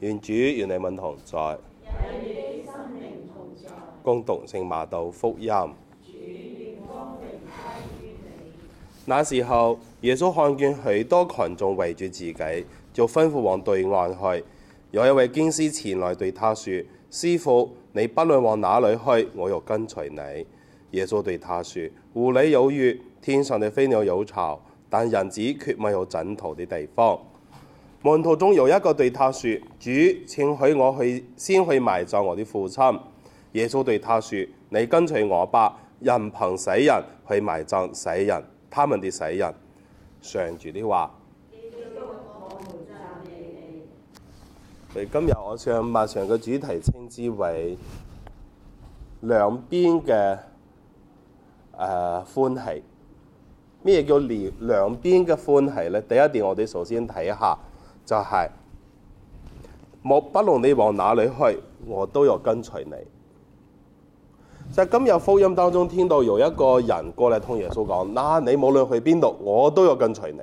願主與你同在，共讀聖馬道福音。那時候，耶穌看見許多群眾圍住自己，就吩咐往對岸去。有一位經師前來對他說：「師父，你不論往哪裏去，我要跟隨你。」耶穌對他說：「狐狸有穴，天上的飛鳥有巢，但人子卻沒有枕頭的地方。」門徒中有一個對他說：主，請許我去先去埋葬我的父親。耶穌對他說：你跟隨我吧，任憑死人去埋葬死人，他們的死人。上主的話。今日我想麥場嘅主題稱之為兩邊嘅誒歡喜。咩叫兩兩邊嘅歡喜呢？第一點我哋首先睇下。就係、是，我不論你往哪裏去，我都要跟隨你。就係、是、今日福音當中，聽到有一個人過嚟同耶穌講：嗱、啊，你無論去邊度，我都要跟隨你。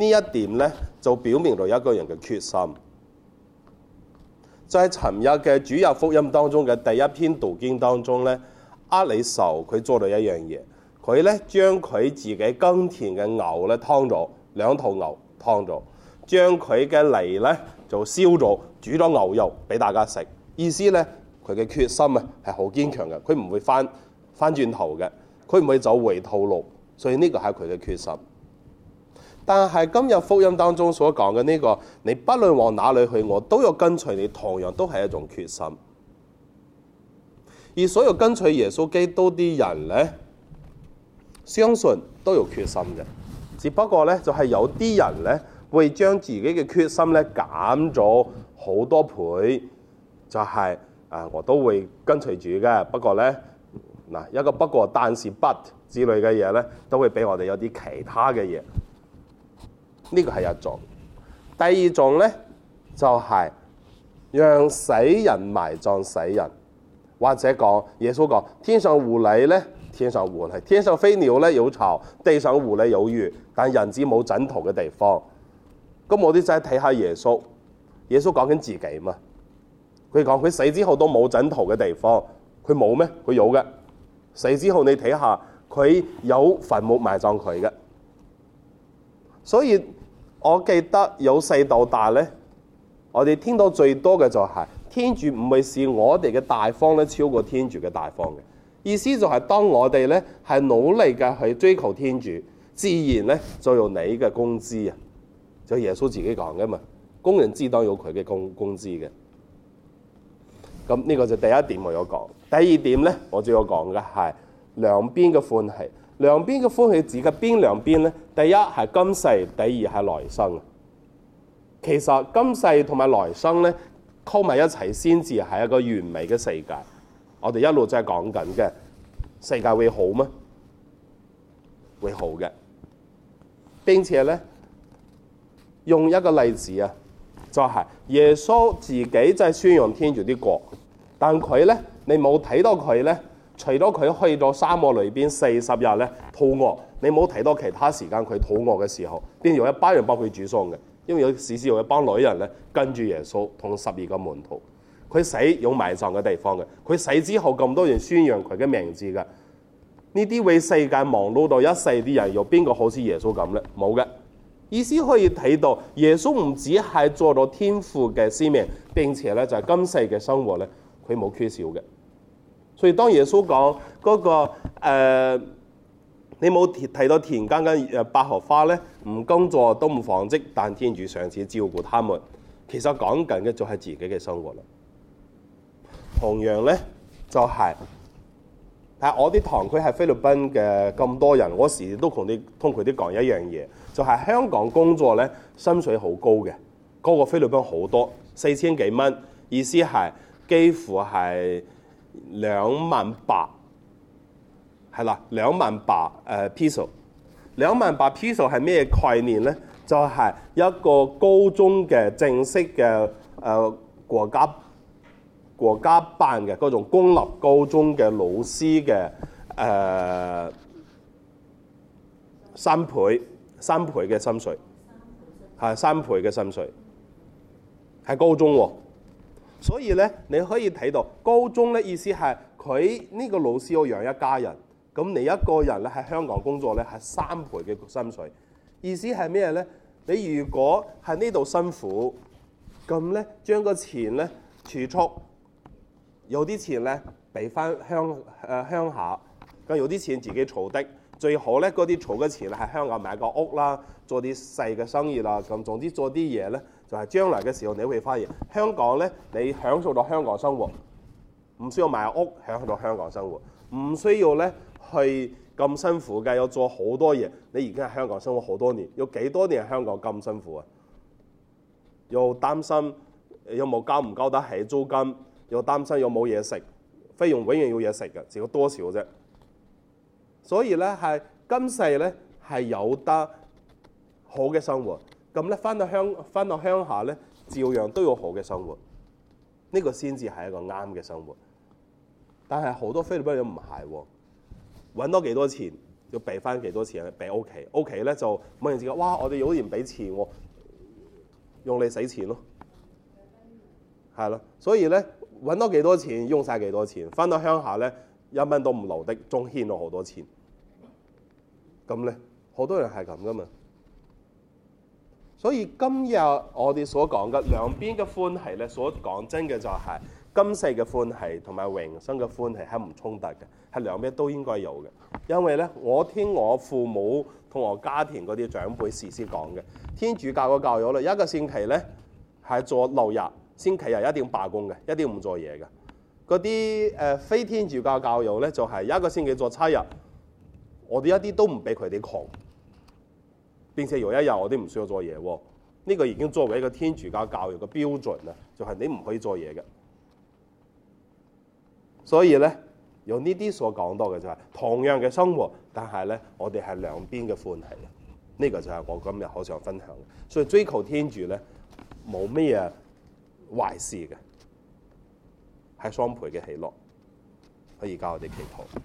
呢一點咧，就表明咗一個人嘅決心。就喺、是、尋日嘅主日福音當中嘅第一篇讀經當中咧，厄里叟佢做咗一樣嘢，佢咧將佢自己耕田嘅牛咧劏咗兩頭牛劏咗。將佢嘅泥呢就燒咗，煮咗牛肉俾大家食。意思呢，佢嘅決心啊係好堅強嘅，佢唔會翻翻轉頭嘅，佢唔會走回頭路。所以呢個係佢嘅決心。但係今日福音當中所講嘅呢個，你不論往哪裏去，我都要跟隨你，同樣都係一種決心。而所有跟隨耶穌基督啲人呢，相信都有決心嘅，只不過呢，就係、是、有啲人呢。會將自己嘅決心咧減咗好多倍，就係啊，我都會跟隨住嘅。不過咧，嗱一個不過，但是 but 之類嘅嘢咧，都會俾我哋有啲其他嘅嘢。呢個係一種。第二種咧，就係讓死人埋葬死人，或者講耶穌講：天上狐狸咧，天上狐狸，天上飛鳥咧有巢，地上狐狸有穴，但人子冇枕頭嘅地方。咁我哋就係睇下耶穌，耶穌講緊自己嘛，佢講佢死之後都冇枕頭嘅地方，佢冇咩？佢有嘅，死之後你睇下，佢有墳墓埋葬佢嘅。所以我記得由細到大咧，我哋聽到最多嘅就係、是、天主唔會是我哋嘅大方咧超過天主嘅大方嘅，意思就係當我哋咧係努力嘅去追求天主，自然咧就有你嘅工資啊！就是、耶穌自己講嘅嘛，工人自當有佢嘅工工資嘅。咁呢個就是第一點我要講。第二點咧，我主要講嘅係兩邊嘅歡喜，兩邊嘅歡喜指嘅邊兩邊咧？第一係今世，第二係來生。其實今世同埋來生咧，溝埋一齊先至係一個完美嘅世界。我哋一路就係講緊嘅世界會好嗎？會好嘅。並且咧。用一個例子啊，就係、是、耶穌自己就係宣揚天主啲國，但佢咧，你冇睇到佢咧，除咗佢去到沙漠裏邊四十日咧肚餓，你冇睇到其他時間佢肚餓嘅時候，邊有一班人幫佢煮餸嘅？因為有史詩有一班女人咧跟住耶穌同十二個門徒，佢死有埋葬嘅地方嘅，佢死之後咁多人宣揚佢嘅名字嘅，呢啲為世界忙碌到一世啲人，有邊個好似耶穌咁咧？冇嘅。意思可以睇到，耶穌唔止係做到天父嘅使命，並且咧就係、是、今世嘅生活咧，佢冇缺少嘅。所以當耶穌講嗰個、呃、你冇睇到田間嘅百合花咧，唔工作都唔紡織，但天主上次照顧他們，其實講緊嘅就係自己嘅生活啦。同樣咧就係、是。但我啲堂區係菲律賓嘅咁多人，我時時都同啲通佢啲講一樣嘢，就係、是、香港工作咧，薪水好高嘅，高過菲律賓好多，四千幾蚊，意思係幾乎係兩萬八，係啦，兩萬八誒 piso 兩萬八 piso 係咩概念咧？就係、是、一個高中嘅正式嘅誒國家。呃國家辦嘅嗰種公立高中嘅老師嘅誒、呃、三倍三倍嘅薪水，係三倍嘅薪水，係高中喎。所以咧，你可以睇到高中咧，意思係佢呢個老師要養一家人，咁你一個人咧喺香港工作咧係三倍嘅薪水。意思係咩咧？你如果喺呢度辛苦，咁咧將個錢咧儲蓄。有啲錢咧，俾翻鄉誒鄉下；咁有啲錢自己儲的，最好咧，嗰啲儲嘅錢喺香港買個屋啦，做啲細嘅生意啦，咁總之做啲嘢咧，就係將來嘅時候你會發現，香港咧你享受到香港生活，唔需要買屋，享受到香港生活，唔需要咧去咁辛苦嘅，要做好多嘢，你而家喺香港生活好多年，有幾多年喺香港咁辛苦啊？又擔心有冇交唔交得起租金？又擔心又冇嘢食，費用永遠有嘢食嘅，只有多少啫。所以咧係今世咧係有得好嘅生活，咁咧翻到鄉翻到鄉下咧，照樣都有好嘅生活。呢、呢個先至係一個啱嘅生活。但係好多菲律賓人唔係喎，揾多幾多錢要俾翻幾多錢俾屋企，屋企咧就問自己：哇，我哋好竟然唔俾錢喎、啊，用嚟使錢咯，係咯。所以咧。揾到幾多錢，用晒幾多錢，翻到鄉下咧一蚊都唔留的，仲捐咗好多錢。咁咧，好多人係咁噶嘛。所以今日我哋所講嘅兩邊嘅歡喜咧，所講真嘅就係、是、今世嘅歡喜同埋永生嘅歡喜係唔衝突嘅，係兩邊都應該有嘅。因為咧，我聽我父母同我家庭嗰啲長輩事先講嘅，天主教嘅教育咧一個星期咧係做六日。星期日一定要罷工嘅，一定唔做嘢嘅。嗰啲誒非天主教教育咧，就係、是、一個星期做七日，我哋一啲都唔俾佢哋窮，並且有一日我哋唔需要做嘢。呢、這個已經作為一個天主教教育嘅標準啦，就係、是、你唔可以做嘢嘅。所以咧，用呢啲所講到嘅就係、是、同樣嘅生活，但係咧我哋係兩邊嘅歡喜。呢、這個就係我今日好想分享嘅。所以追求天主咧，冇咩嘢。壞事嘅，係雙倍嘅喜樂，可以教我哋祈禱。